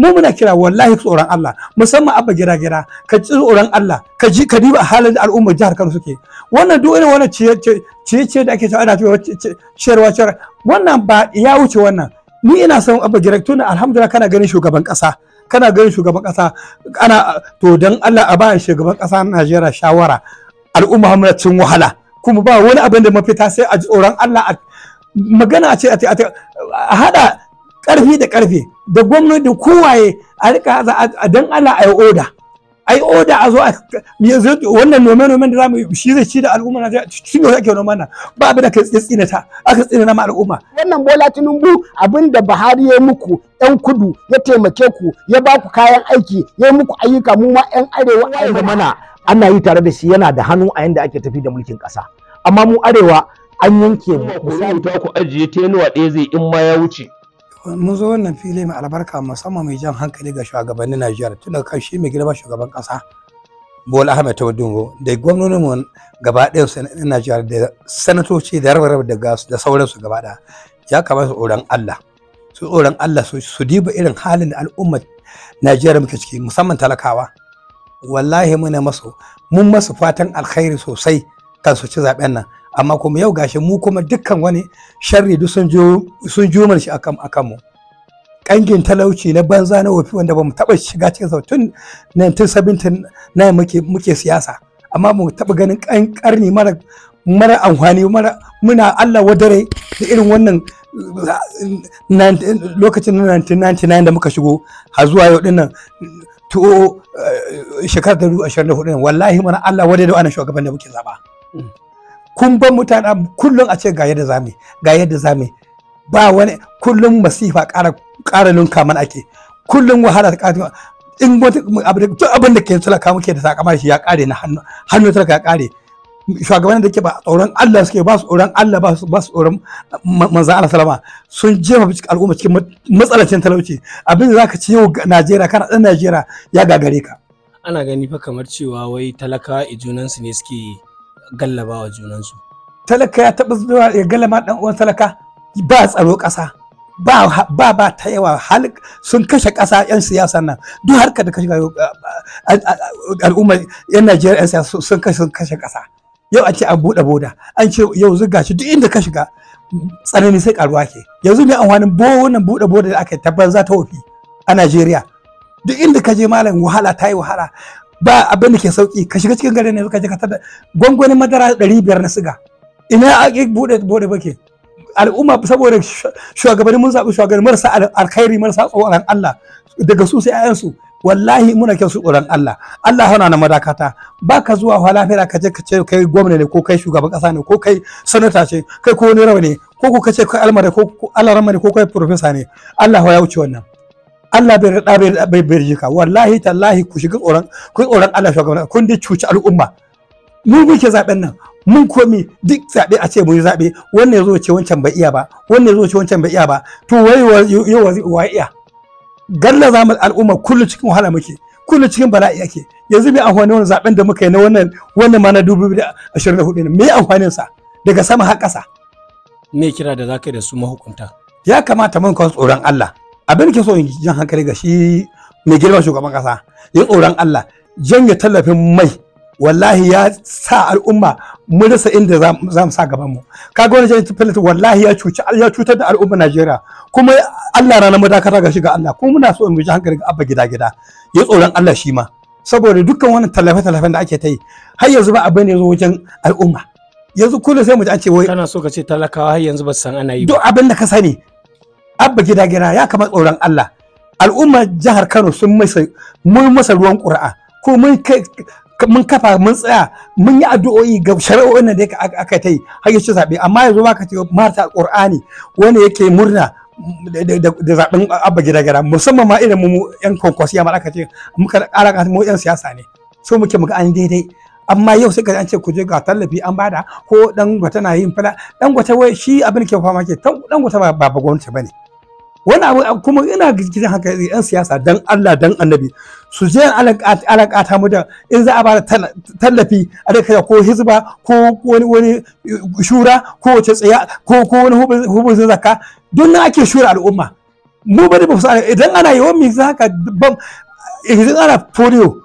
mu muna kira wallahi tsoron Allah musamman abba gira gira ka ji tsoron Allah ka ji ka diba halin da al'ummar jihar Kano suke wannan duk irin wannan ciye ciye da ake cewa ana cewa ciyarwa ciyarwa wannan ba ya wuce wannan ni ina son abba gira tun alhamdulillah kana ganin shugaban kasa kana ganin shugaban kasa ana to dan Allah a ba shugaban kasa Najeriya shawara al'umma muna cin wahala kuma ba wani abin da mafita sai a ji tsoron Allah magana a ce a hada karfi da karfe da gwamnati kowaye a rika dan Allah yi oda ai oda a zo wannan nome nomen da zamu shi zai ci da al'umma na shi ne ake noma nan ba abin da kai tsina ta aka tsina na al'umma wannan bola tinubu abin da Buhari ya muku yan kudu ya taimake ku ya ba ku kayan aiki ya muku ayyuka mu ma yan arewa ai mana ana yi tare da shi yana da hannu a yanda ake tafi da mulkin kasa amma mu arewa an yanke mu ku sai ku ajiye tenuwa ɗaya zai in ma ya wuce mun zo wannan fili mai albarka musamman mai jan hankali ga shugabannin Najeriya tun daga kan shi mai girma shugaban kasa Bola Ahmed Tawadungo da gwamnonin mu gaba ɗaya na Najeriya da sanatoci da rabar da sauransu gaba ɗaya ya kamata tsoron Allah su tsoron Allah su diba irin halin da al'ummar Najeriya muke ciki musamman talakawa wallahi muna masu mun masu fatan alkhairi sosai kan su ci zaben nan amma kuma yau gashi mu kuma dukkan wani sharri duk sun jo sun jumar shi akan akan mu kangin talauci na banza na wofi wanda bamu taba shiga cikin sa tun 1979 muke muke siyasa amma mu taba ganin kan karni mara mara amfani mara muna Allah wadare da irin wannan uh, lokacin 1999 da muka shigo har zuwa yau dinnan to uh, shekarar 2024 wallahi mana Allah wadare da wannan shugaban da muke zaba hmm. kun ban mutane kullum a ce ga yadda zame ga yadda zame ba wani kullum masifa ƙara ƙara lunka mana ake kullum wahala ta ƙara in wata abin da ke talaka muke da sakamar shi ya ƙare na hannu hannu talaka ya ƙare shugabannin da ke ba tsoron Allah suke ba su tsoron Allah ba su ba su tsoron manzon Allah salama sun jefa al'umma cikin matsalacin talauci abin da zaka ci yau Najeriya kana dan Najeriya ya gagare ka ana gani fa kamar cewa wai talaka su ne suke gallaba wa junansu talaka ya taɓa zuwa ya gallama ɗan uwan talaka ba tsaro ƙasa ba ba ba ta yawa hal sun kashe ƙasa 'yan siyasa nan duk ka da kashe al'umma 'yan Najeriya 'yan siyasa sun kashe sun kashe ƙasa yau an ce an buɗe boda an ce yau zuga shi duk inda ka shiga tsanani sai karuwa ke yanzu ne an amfanin wannan buɗe boda da aka yi za ta wofi a Najeriya duk inda ka je malam wahala ta yi wahala ba abin da ke sauki ka shiga cikin garin ne ka je ka tada gwangwani madara biyar na siga ina a bude bude bake al'umma saboda shugabanni mun zaɓi shugabanni marasa alkhairi marasa tsoron Allah daga su sai ayansu wallahi muna kyan su tsoron Allah Allah hana na madakata ba ka zuwa wa lafiya ka je ka ce kai gwamna ne ko kai shugaban kasa ne ko kai sanata ce kai ko wani rawa ne ko ko ka ce kai almara ko alarama ne ko kai profesa ne Allah ya wuce wannan Allah bai rada bai bai jika wallahi tallahi ku shiga tsoron ku tsoron Allah shugaban kun dai cuci al'umma mu muke zaben nan mun komi duk zabe a ce mu yi zabe wannan yazo ce wancan bai iya ba wannan yazo ce wancan bai iya ba to wai yau wa iya galla zamu al'umma kullu cikin wahala muke kullu cikin bala'i ake yanzu mai amfani wannan zaben da muka yi na wannan wannan ma na 2024 ne me amfanin sa daga sama har ƙasa me kira da zakai da su mahukunta ya kamata mun kan tsoron Allah abin ke so in jan hankali ga shi mai girma shugaban kasa yin tsoron Allah janye tallafin mai wallahi ya sa al'umma mun rasa inda za mu sa gaban mu kaga wani janye tallafin wallahi ya cuci ya cutar da al'umma Najeriya kuma Allah rana madakata ga shi ga Allah kuma muna so in ji hankali ga abba gida gida ya tsoron Allah shi ma saboda dukkan wannan tallafe tallafen da ake ta yi har yanzu ba abin ne zo wajen al'umma yanzu kullum sai mu ji an ce wai kana so ka ce talakawa har yanzu ba san ana yi duk abin da ka sani abba gida gida ya kama tsoron Allah al'ummar jihar Kano sun masa mun masa ruwan ƙura'a ko mun mun kafa mun tsaya mun yi addu'o'i ga shari'o'in nan da aka ta yi har yace zabe zaɓe amma yanzu ba ka ce marta Qur'ani wanda yake murna da zaben abba gida gida musamman ma irin mu yan kwankwasi amma aka ce muka ƙara mu yan siyasa ne so muke muka an daidai amma yau sai ka an ce ku je ga tallafi an bada ko dan gwata na yin fala dan gwata wai shi abin ke fama ke dan gwata ba ba gwamnati bane wani abu kuma ina gidan haka yan siyasa dan Allah dan annabi su je alakata mu da in za a ba tallafi a da kaya ko hizba ko wani wani uh, shura ko wace tsaya ko ko wani hubuzin zaka. don nan ake shura al'umma mu bari ba su idan ana yawan mi haka idan ana polio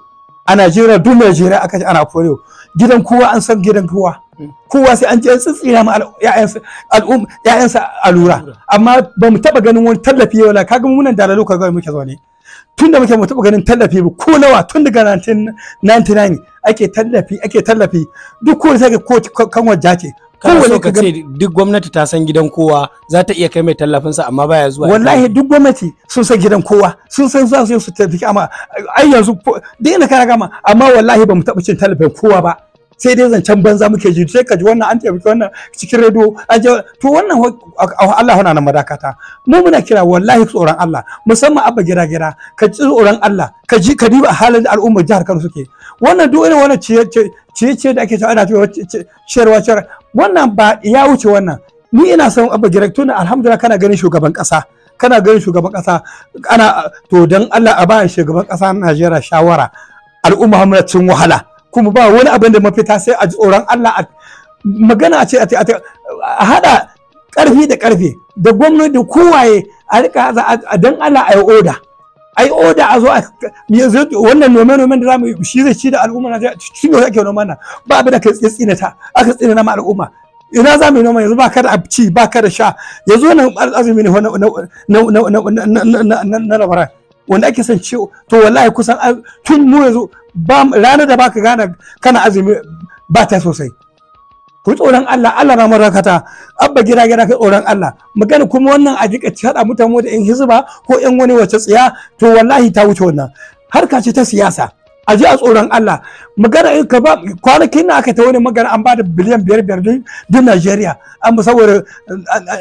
a Najeriya duk Najeriya aka ana polio gidan kowa an san gidan kowa kowa sai an ce an tsitsira ma ‘ya'yansa alura amma ba mu taɓa ganin wani tallafi yau la kaga munan da lokacin ga muke zaune tun da muke mu taɓa ganin tallafi ba ko nawa tun daga 1999 ake tallafi ake tallafi duk kowane sai ko kan wajja ce kowane ka ce duk gwamnati ta san gidan kowa za ta iya kai mai tallafinsa amma baya zuwa wallahi duk gwamnati sun san gidan kowa sun san za su yi su tafi amma ai yanzu dai na kara gama amma wallahi ba mu taɓa cin tallafin kowa ba sai dai zancen banza muke ji sai ka ji wannan an taimaki wannan cikin rediyo an je to wannan Allah yana nan madakata mu muna kira wallahi tsoron Allah musamman abba gira gira ka ji tsoron Allah ka ji ka diba halin da al'ummar jihar Kano suke wannan duk irin wannan ciye ciye da ake cewa ana ciyarwa ciyarwa wannan ba ya wuce wannan ni ina son abba gira na alhamdulillah kana ganin shugaban kasa kana ganin shugaban kasa ana to dan Allah a ba shugaban kasa na Najeriya shawara al'umma hamlatin wahala kuma ba wani abin da mafita sai a tsoron Allah magana a ce a hada karfi da karfe da gwamnati da kowaye a rika a dan Allah a yi oda A yi oda a zo a yanzu wannan nome nomen da zamu shi zai ci da al'umma na shi ne ake noman nan ba abin da ka tsina ta aka tsina ma al'umma ina za mu yi noma yanzu ba ka da ci ba ka da sha yanzu wannan azumi ne na na na na na na wanda ake son ciwo to wallahi kusan tun mu yanzu ba ranar da baka gana kana azumi ba ta sosai ku tsoron Allah Allah na marakata abba gida gida kai tsoron Allah magana kuma wannan a ta hada mutane da in hizba ko in wani wace tsiya to wallahi ta wuce wannan harka ce ta siyasa a ji a tsoron Allah magana ka ba kwanakin na aka ta wani magana an bada biliyan biyar biyar din Najeriya an saboda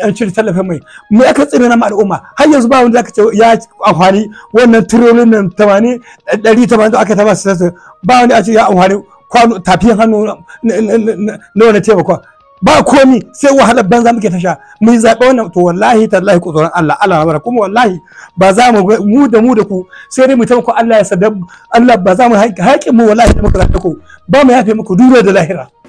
an cire tallafi mai me aka tsire na al'umma har yanzu ba wanda aka ce ya amfani wannan tirolin nan 80 180 da aka taba su ba wanda a ce ya amfani kwano tafiyan hannu na wani taimakon ba komi sai wahalar banza muke tasha mun zaɓe wannan to wallahi tallahi ku tsoron Allah Allah na kuma wallahi ba za mu mu da mu da ku sai dai mu ta ku Allah ya sadab Allah ba za mu haƙin mu wallahi da muka zaɓe ku ba mu yafe muku duniya da lahira